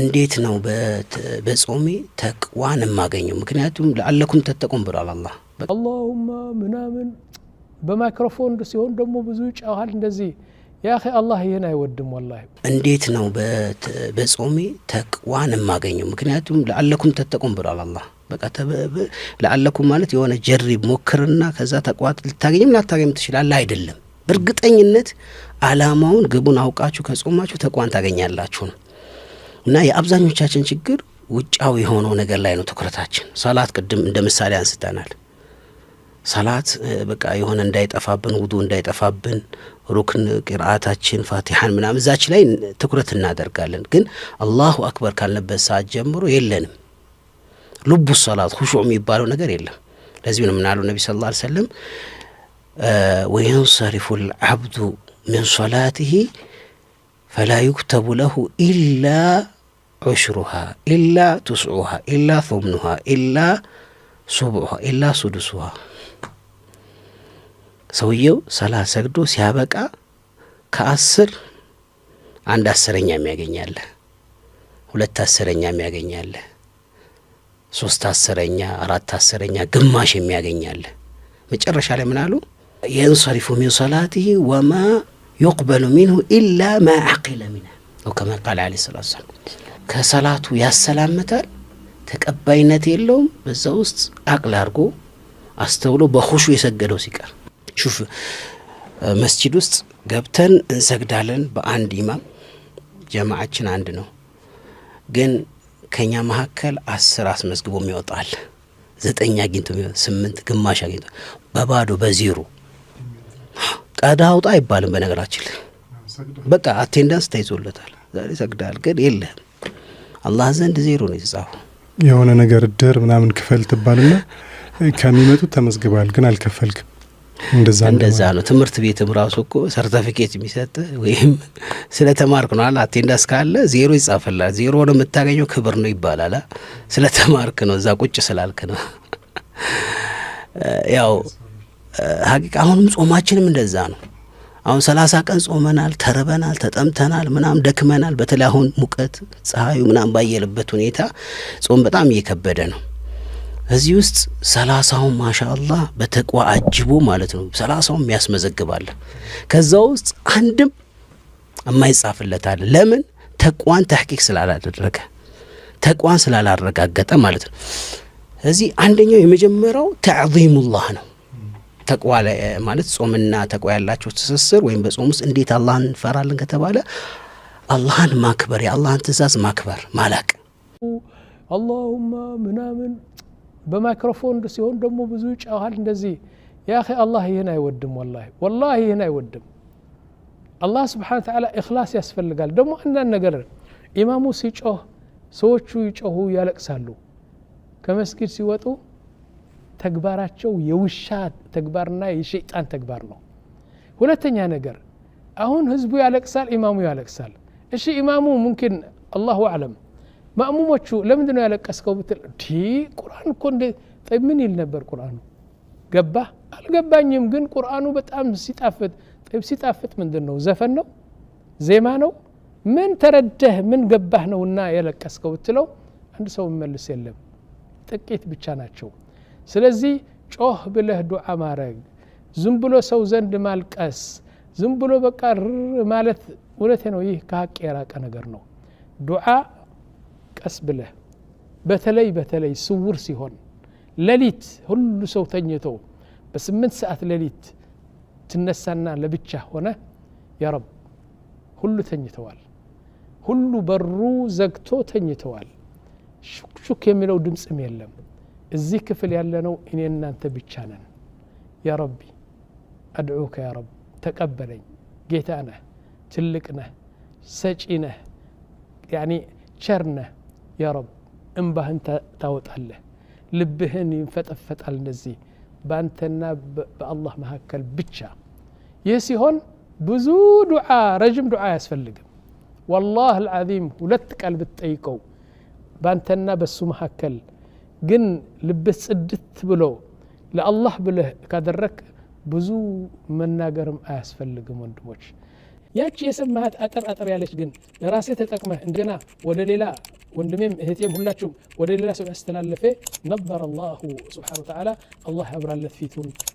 እንዴት ነው በጾሜ ተቅዋን የማገኘው? ምክንያቱም ለአለኩም ተጠቁም ብሏል አላ አላሁማ ምናምን በማይክሮፎን ሲሆን ደግሞ ብዙ ጨዋል እንደዚህ ያ አላህ ይህን አይወድም። ወላ እንዴት ነው በጾሜ ተቅዋን የማገኘው? ምክንያቱም ለአለኩም ተጠቁም ብሏል አላ በቃ ለአለኩም ማለት የሆነ ጀሪ ሞክርና ከዛ ተቅዋ ልታገኝም ላታገኝም ትችላለ አይደለም። በእርግጠኝነት አላማውን ግቡን አውቃችሁ ከጾማችሁ ተቋን ታገኛላችሁ ነው እና የአብዛኞቻችን ችግር ውጫዊ የሆነው ነገር ላይ ነው ትኩረታችን። ሰላት ቅድም እንደ ምሳሌ አንስተናል። ሰላት በቃ የሆነ እንዳይጠፋብን ውዱ እንዳይጠፋብን ሩክን ቅርአታችን ፋቲሐን ምናምን እዛች ላይ ትኩረት እናደርጋለን። ግን አላሁ አክበር ካልንበት ሰዓት ጀምሮ የለንም። ልቡ ሰላት ሁሹዕ የሚባለው ነገር የለም። ለዚህ ነው ምናሉ ነቢ ስ ላ ሰለም ወየንሰሪፉ ልዓብዱ ምን ሶላትህ ፈላ ዩክተቡ ለሁ ኢላ ዑሽሩሃ ኢላ ትስዑሃ ኢላ ثምኑሃ ኢላ ሱብዑሃ ኢላ ሱዱሱሃ። ሰውየው ሰላት ሰግዶ ሲያበቃ ከአስር አንድ አስረኛ የሚያገኛለ፣ ሁለት አስረኛ የሚያገኛለ፣ ሶስት አስረኛ፣ አራት አስረኛ፣ ግማሽ የሚያገኛለ። መጨረሻ ላይ ምን አሉ? ሚን ሰላቲሂ ወማ ዩቅበሉ ሚንሁ ኢላ ማ አቂለ ሚንሃ ከማ ቃል ዓለይሂ ሰላቱ ወሰላም ከሰላቱ ያሰላምታል፣ ተቀባይነት የለውም። በዛ ውስጥ አቅል አድርጎ አስተውሎ በሁሹ የሰገደው ሲቀር ሹፍ መስጂድ ውስጥ ገብተን እንሰግዳለን በአንድ ኢማም፣ ጀማዓችን አንድ ነው። ግን ከኛ መካከል አስር አስመዝግቦ የሚወጣል፣ ዘጠኝ አግኝቶ ስምንት ግማሽ አግኝቶ በባዶ በዜሮ ቀዳ አውጣ አይባልም። በነገራችን ላይ በቃ አቴንዳንስ ተይዞለታል። ዛሬ ሰግዳል ግን የለህም። አላህ ዘንድ ዜሮ ነው የተጻፈ የሆነ ነገር ድር ምናምን ክፈል ትባልና ከሚመጡት ተመዝግባል ግን አልከፈልክም። እንደዛ እንደዛ ነው። ትምህርት ቤትም ራሱ እኮ ሰርተፊኬት የሚሰጥ ወይም ስለ ተማርክ ነው አላ አቴንዳንስ ካለ ዜሮ ይጻፈላል። ዜሮ ነው የምታገኘው ክብር ነው ይባላል። ስለ ተማርክ ነው እዛ ቁጭ ስላልክ ነው ያው ሀቂቃ አሁንም ጾማችንም እንደዛ ነው። አሁን ሰላሳ ቀን ጾመናል፣ ተርበናል፣ ተጠምተናል፣ ምናም ደክመናል። በተለይ አሁን ሙቀት ፀሐዩ ምናም ባየለበት ሁኔታ ጾም በጣም እየከበደ ነው። እዚህ ውስጥ ሰላሳውን ማሻ አላህ በተቋ አጅቦ ማለት ነው ሰላሳውን የሚያስመዘግባለ ከዛ ውስጥ አንድም አለ። ለምን ተቋን ተሕቂቅ ስላላደረገ ተቋን ስላላረጋገጠ ማለት ነው። እዚህ አንደኛው የመጀመሪያው ተዕዚሙላህ ነው ተቅዋ ማለት ጾምና ተቅዋ ያላቸው ትስስር ወይም በጾም ውስጥ እንዴት አላህን እንፈራለን ከተባለ አላህን ማክበር የአላህን ትእዛዝ ማክበር ማላቅ አላሁማ ምናምን በማይክሮፎን ሲሆን ደግሞ ብዙ ይጫዋል እንደዚህ ያ አላህ ይህን አይወድም ወላሂ ወላ ይህን አይወድም አላህ ስብሓን ተዓላ እክላስ ያስፈልጋል ደግሞ አንዳንድ ነገር ኢማሙ ሲጮህ ሰዎቹ ይጮሁ ያለቅሳሉ ከመስጊድ ሲወጡ ተግባራቸው የውሻ ተግባርና የሸይጣን ተግባር ነው ሁለተኛ ነገር አሁን ህዝቡ ያለቅሳል ኢማሙ ያለቅሳል እሺ ኢማሙ ሙምኪን አላሁ አለም ማእሙሞቹ ለምንድ ነው ያለቀስከው ብትል ዲ ቁርአን እኮ እንዴ ምን ይል ነበር ቁርአኑ ገባ አልገባኝም ግን ቁርአኑ በጣም ሲጣፍጥ ጥብ ሲጣፍጥ ምንድን ነው ዘፈን ነው ዜማ ነው ምን ተረደህ ምን ገባህ ነውና የለቀስከው ብትለው አንድ ሰው መልስ የለም ጥቂት ብቻ ናቸው ስለዚህ ጮህ ብለህ ዱዓ ማረግ፣ ዝም ብሎ ሰው ዘንድ ማልቀስ፣ ዝም ብሎ በቃ ር ማለት እውነቴ ነው። ይህ ከሀቅ የራቀ ነገር ነው። ዱዓ ቀስ ብለህ በተለይ በተለይ ስውር ሲሆን ሌሊት ሁሉ ሰው ተኝቶ በስምንት ሰዓት ሌሊት ትነሳና ለብቻ ሆነ ያረብ ሁሉ ተኝተዋል። ሁሉ በሩ ዘግቶ ተኝተዋል። ሹክሹክ የሚለው ድምፅም የለም። እዚህ ክፍል ያለነው እኔ እናንተ ብቻ ነን ያ ረቢ አድዑከ ያ ረብ ተቀበለኝ ጌታ ነህ ትልቅ ነህ ሰጪ ነህ ያኒ ቸር ነህ ያ ረብ እምባህን ታወጣለህ ልብህን ይንፈጠፈጣል እንደዚህ በአንተና በአላህ መካከል ብቻ ይህ ሲሆን ብዙ ዱዓ ረጅም ዱዓ አያስፈልግም ወላህ አልዓዚም ሁለት ቃል ብትጠይቀው በአንተና በሱ መካከል جن لبس أدت بلو لا الله بله كدرك بزو من ناجرم أسفل لجمن دوش يا كي اسم مهات أتر أتر ياليش جن راسي تتقمة عندنا ولا ليلا وندميم هتيم هلا شو ولا ليلا سبع سنين نبر الله سبحانه وتعالى الله أبرا لثفيتون